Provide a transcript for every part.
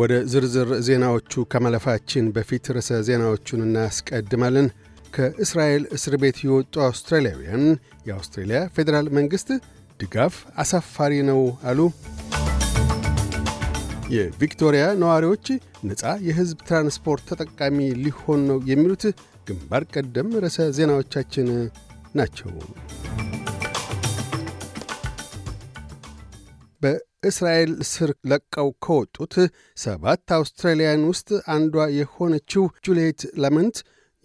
ወደ ዝርዝር ዜናዎቹ ከማለፋችን በፊት ርዕሰ ዜናዎቹን እናስቀድማለን። ከእስራኤል እስር ቤት የወጡ አውስትራሊያውያን የአውስትሬልያ ፌዴራል መንግሥት ድጋፍ አሳፋሪ ነው አሉ። የቪክቶሪያ ነዋሪዎች ነፃ የሕዝብ ትራንስፖርት ተጠቃሚ ሊሆን ነው የሚሉት ግንባር ቀደም ርዕሰ ዜናዎቻችን ናቸው። እስራኤል ስር ለቀው ከወጡት ሰባት አውስትራሊያን ውስጥ አንዷ የሆነችው ጁልየት ላመንት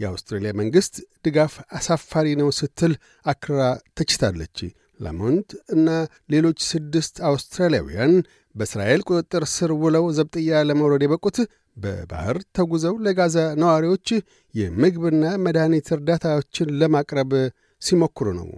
የአውስትራሊያ መንግሥት ድጋፍ አሳፋሪ ነው ስትል አክራ ተችታለች። ላሞንት እና ሌሎች ስድስት አውስትራሊያውያን በእስራኤል ቁጥጥር ስር ውለው ዘብጥያ ለመውረድ የበቁት በባህር ተጉዘው ለጋዛ ነዋሪዎች የምግብና መድኃኒት እርዳታዎችን ለማቅረብ ሲሞክሩ ነው።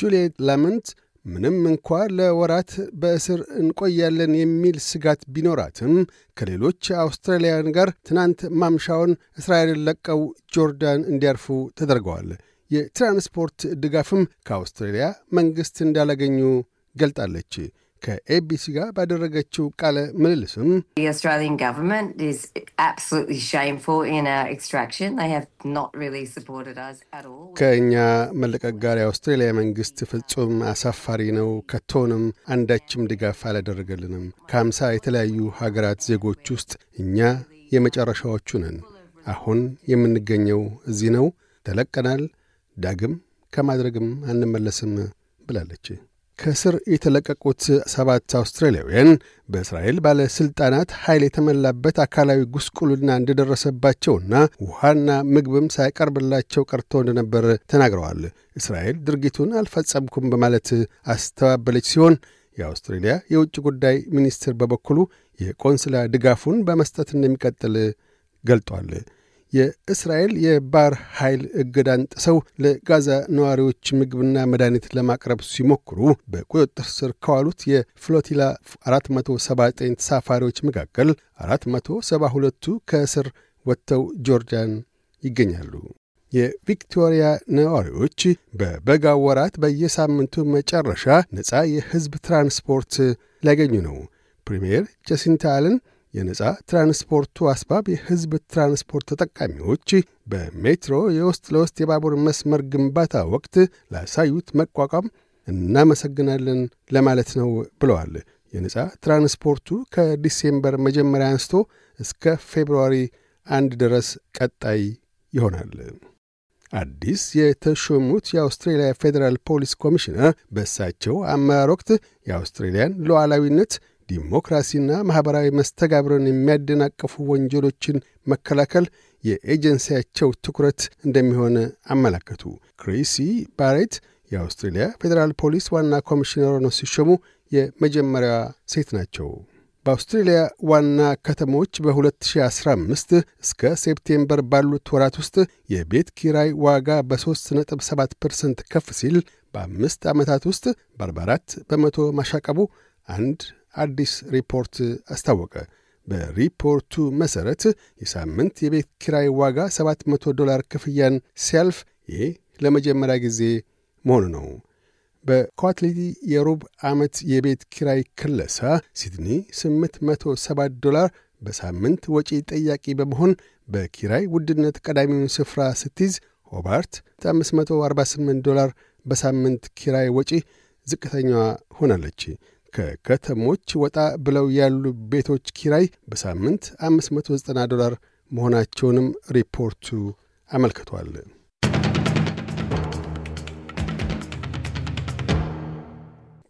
ጁልየት ላመንት ምንም እንኳ ለወራት በእስር እንቆያለን የሚል ስጋት ቢኖራትም ከሌሎች አውስትራሊያውያን ጋር ትናንት ማምሻውን እስራኤልን ለቀው ጆርዳን እንዲያርፉ ተደርገዋል። የትራንስፖርት ድጋፍም ከአውስትራሊያ መንግሥት እንዳላገኙ ገልጣለች። ከኤቢሲ ጋር ባደረገችው ቃለ ምልልስም ከእኛ መለቀቅ ጋር የአውስትሬልያ መንግስት ፍጹም አሳፋሪ ነው። ከቶንም አንዳችም ድጋፍ አላደረገልንም። ከአምሳ የተለያዩ ሀገራት ዜጎች ውስጥ እኛ የመጨረሻዎቹ ነን። አሁን የምንገኘው እዚህ ነው። ተለቀናል። ዳግም ከማድረግም አንመለስም ብላለች። ከስር የተለቀቁት ሰባት አውስትራሊያውያን በእስራኤል ባለሥልጣናት ኃይል የተመላበት አካላዊ ጉስቁልና እንደደረሰባቸውና ውሃና ምግብም ሳይቀርብላቸው ቀርቶ እንደነበር ተናግረዋል። እስራኤል ድርጊቱን አልፈጸምኩም በማለት አስተባበለች ሲሆን የአውስትሬልያ የውጭ ጉዳይ ሚኒስትር በበኩሉ የቆንስላ ድጋፉን በመስጠት እንደሚቀጥል ገልጧል። የእስራኤል የባህር ኃይል እገዳን ጥሰው ለጋዛ ነዋሪዎች ምግብና መድኃኒት ለማቅረብ ሲሞክሩ በቁጥጥር ስር ከዋሉት የፍሎቲላ 479 ተሳፋሪዎች መካከል 472ቱ ከእስር ወጥተው ጆርዳን ይገኛሉ። የቪክቶሪያ ነዋሪዎች በበጋ ወራት በየሳምንቱ መጨረሻ ነፃ የሕዝብ ትራንስፖርት ሊያገኙ ነው። ፕሪምየር ጃሲንታ አለን የነፃ ትራንስፖርቱ አስባብ የህዝብ ትራንስፖርት ተጠቃሚዎች በሜትሮ የውስጥ ለውስጥ የባቡር መስመር ግንባታ ወቅት ላሳዩት መቋቋም እናመሰግናለን ለማለት ነው ብለዋል። የነፃ ትራንስፖርቱ ከዲሴምበር መጀመሪያ አንስቶ እስከ ፌብርዋሪ አንድ ድረስ ቀጣይ ይሆናል። አዲስ የተሾሙት የአውስትሬልያ ፌዴራል ፖሊስ ኮሚሽነር በእሳቸው አመራር ወቅት የአውስትሬልያን ሉዓላዊነት ዲሞክራሲና ማኅበራዊ መስተጋብርን የሚያደናቅፉ ወንጀሎችን መከላከል የኤጀንሲያቸው ትኩረት እንደሚሆን አመለከቱ። ክሪሲ ባሬት የአውስትሬልያ ፌዴራል ፖሊስ ዋና ኮሚሽነር ነው ሲሾሙ የመጀመሪያዋ ሴት ናቸው። በአውስትሬልያ ዋና ከተሞች በ2015 እስከ ሴፕቴምበር ባሉት ወራት ውስጥ የቤት ኪራይ ዋጋ በ3.7 ፐርሰንት ከፍ ሲል በአምስት ዓመታት ውስጥ በ44 በመቶ ማሻቀቡ አንድ አዲስ ሪፖርት አስታወቀ። በሪፖርቱ መሠረት የሳምንት የቤት ኪራይ ዋጋ 700 ዶላር ክፍያን ሲያልፍ ይህ ለመጀመሪያ ጊዜ መሆኑ ነው። በኳትሊቲ የሩብ ዓመት የቤት ኪራይ ክለሳ ሲድኒ 870 ዶላር በሳምንት ወጪ ጠያቂ በመሆን በኪራይ ውድነት ቀዳሚውን ስፍራ ስትይዝ፣ ሆባርት 548 ዶላር በሳምንት ኪራይ ወጪ ዝቅተኛዋ ሆናለች። ከከተሞች ወጣ ብለው ያሉ ቤቶች ኪራይ በሳምንት 590 ዶላር መሆናቸውንም ሪፖርቱ አመልክቷል።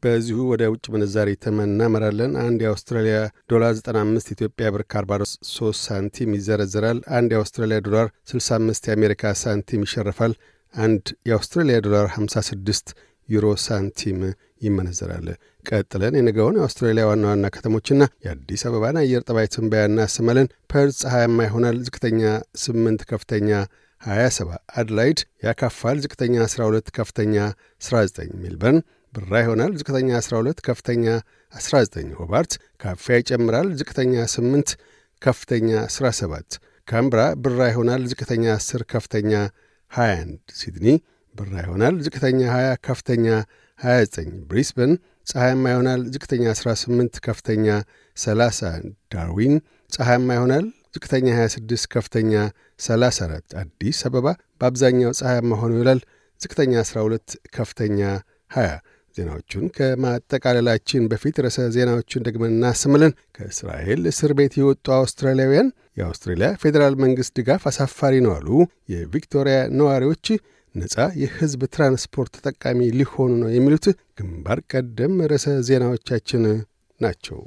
በዚሁ ወደ ውጭ ምንዛሪ ተመን እናመራለን። አንድ የአውስትራሊያ ዶላር 95 ኢትዮጵያ ብር ከ43 ሳንቲም ይዘረዝራል። አንድ የአውስትራሊያ ዶላር 65 የአሜሪካ ሳንቲም ይሸርፋል። አንድ የአውስትራሊያ ዶላር 56 ዩሮ ሳንቲም ይመነዘራል። ቀጥለን የነገውን የአውስትራሊያ ዋና ዋና ከተሞችና የአዲስ አበባን አየር ጠባይ ትንበያ እናሰማለን። ፐርዝ ፀሐያማ ይሆናል። ዝቅተኛ 8፣ ከፍተኛ 27። አድላይድ ያካፋል። ዝቅተኛ 12፣ ከፍተኛ 19። ሜልበርን ብራ ይሆናል። ዝቅተኛ 12፣ ከፍተኛ 19። ሆባርት ካፊያ ይጨምራል። ዝቅተኛ 8፣ ከፍተኛ 17። ካምብራ ብራ ይሆናል። ዝቅተኛ 10፣ ከፍተኛ 21። ሲድኒ ብራ ይሆናል። ዝቅተኛ 20፣ ከፍተኛ 29። ብሪስበን ፀሐያማ ይሆናል። ዝቅተኛ 18፣ ከፍተኛ 30። ዳርዊን ፀሐያማ ይሆናል። ዝቅተኛ 26፣ ከፍተኛ 34። አዲስ አበባ በአብዛኛው ፀሐያማ ሆኖ ይውላል። ዝቅተኛ 12፣ ከፍተኛ 20። ዜናዎቹን ከማጠቃለላችን በፊት ርዕሰ ዜናዎቹን ደግመን እናስምልን። ከእስራኤል እስር ቤት የወጡ አውስትራሊያውያን የአውስትሬልያ ፌዴራል መንግሥት ድጋፍ አሳፋሪ ነው አሉ። የቪክቶሪያ ነዋሪዎች ነጻ የህዝብ ትራንስፖርት ተጠቃሚ ሊሆኑ ነው የሚሉት ግንባር ቀደም ርዕሰ ዜናዎቻችን ናቸው።